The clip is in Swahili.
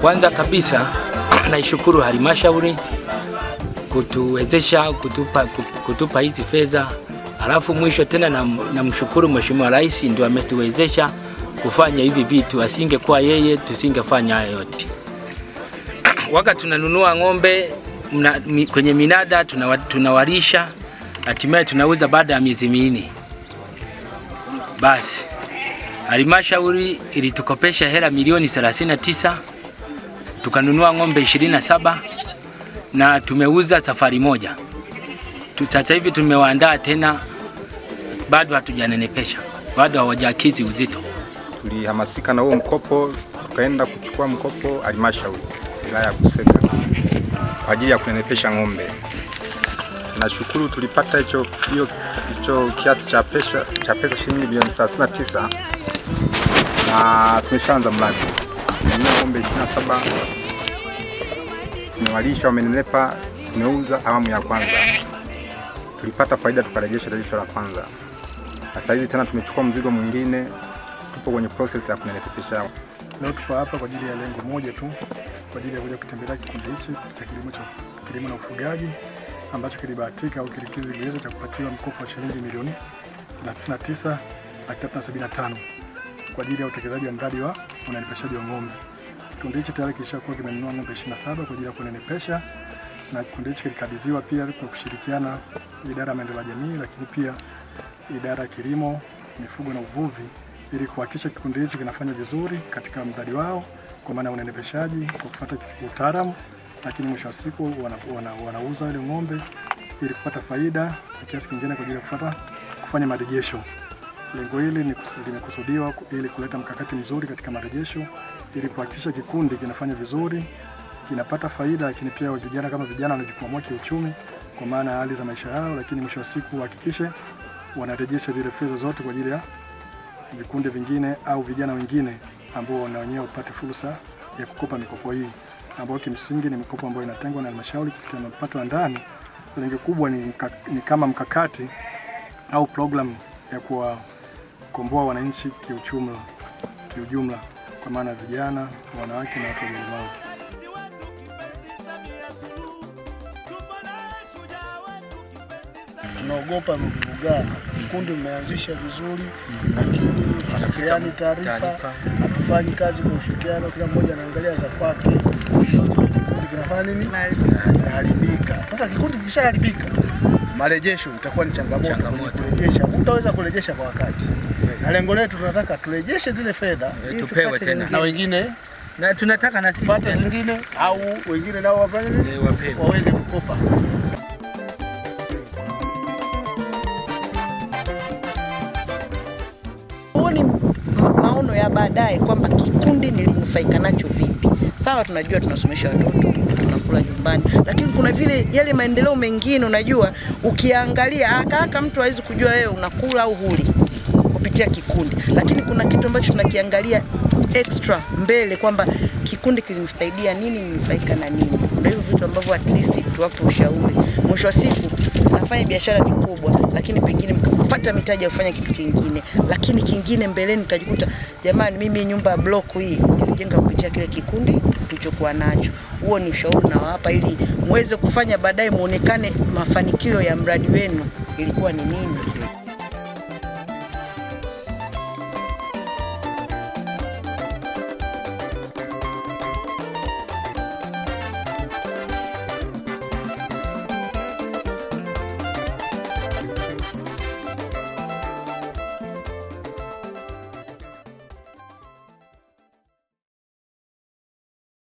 Kwanza kabisa naishukuru halmashauri kutuwezesha kutupa, kutupa hizi fedha, alafu mwisho tena namshukuru na Mheshimiwa Rais ndio ametuwezesha kufanya hivi vitu, asingekuwa yeye tusingefanya haya yote. waka tunanunua ng'ombe mna, kwenye minada tunawalisha, hatimaye tunauza baada ya miezi minne. Basi halmashauri ilitukopesha hela milioni 39 tukanunua ng'ombe 27 na tumeuza safari moja. Sasa hivi tumewaandaa tena, bado hatujanenepesha, bado hawajakizi uzito. Tulihamasika na huo mkopo, tukaenda kuchukua mkopo halmashauri wilaya ya Busega kwa ajili ya kunenepesha ng'ombe nashukuru tulipata hicho hicho kiasi cha pesa cha pesa shilingi bilioni 39 na tumeshaanza mradi ng'ombe 27 tumewalisha, wamenenepa, tumeuza awamu ya kwanza, tulipata faida tukarejesha rejesho la kwanza. Sasa hivi tena tumechukua mzigo mwingine, tupo kwenye process ya kunenepesha. Leo tuko hapa kwa ajili ya lengo moja tu, kwa ajili ya kuja kutembelea kikundi hichi cha kilimo cha kilimo na ufugaji ambacho kilibahatika au kilikizi kigezo cha kupatiwa mkopo wa shilingi milioni 99,375 kwa ajili ya utekelezaji wa mradi wa unanepeshaji wa ng'ombe. Kikundi hicho tayari kilishakuwa kimenunua ng'ombe 27 kwa ajili ya kunenepesha na kikundi hicho kilikabidhiwa pia kwa kushirikiana idara ya maendeleo ya jamii, lakini pia idara ya kilimo, mifugo na uvuvi ili kuhakikisha kikundi hicho kinafanya vizuri katika mradi wao kwa maana ya unenepeshaji kwa kufuata utaalamu lakini mwisho wa siku wanauza wana, wana ile ng'ombe ili kupata faida na kiasi kingine kwa ajili ya kupata kufanya marejesho. Lengo hili limekusudiwa ili kuleta mkakati mzuri katika marejesho ili kuhakikisha kikundi kinafanya vizuri, kinapata faida, lakini pia vijana kama vijana wanajikwamua kiuchumi kwa maana ya hali za maisha yao, lakini mwisho wa siku wahakikishe wanarejesha zile fedha zote kwa ajili ya vikundi vingine au vijana wengine ambao na wenyewe wapate fursa ya kukopa mikopo hii ambayo kimsingi ni mikopo ambayo inatengwa na halmashauri kupitia mapato ya ndani. Lengo kubwa ni, mka, ni kama mkakati au program ya kuwakomboa wananchi kiujumla, kiujumla kwa maana vijana, wanawake na watu wenye ulemavu. Tunaogopa mvurugano. Kundi umeanzisha vizuri, lakini hatupeani taarifa, hatufanyi kazi kwa ushirikiano, kila mmoja anaangalia za kwake kinafanya nini? Sasa kikundi kishaharibika, marejesho itakuwa ni changamoto kurejesha, kurejesha kwa wakati, na lengo letu tunataka turejeshe zile fedha eh, tupewe tena na wengine na tunataka na sisi pate zingine au wengine nao wafanye eh, waweze kukopa. Huo ni maono ya baadaye kwamba kikundi nilinufaika nacho vipi. Sawa, tunajua tunasomesha watoto, tunakula nyumbani, lakini kuna vile yale maendeleo mengine, unajua ukiangalia akaaka mtu hawezi kujua wewe unakula au huli kupitia kikundi, lakini kuna kitu ambacho tunakiangalia extra mbele kwamba kikundi kilimsaidia nini, nimefaika na nini. Ndio hivyo vitu ambavyo at least tuwape ushauri mwisho wa siku nafanya biashara ni kubwa, lakini pengine mkapata mitaji ya kufanya kitu kingine, lakini kingine mbeleni mtajikuta jamani, mimi nyumba ya block hii nilijenga kupitia kile kikundi tulichokuwa nacho. Huo ni ushauri nawapa, ili muweze kufanya baadaye, muonekane mafanikio ya mradi wenu ilikuwa ni nini.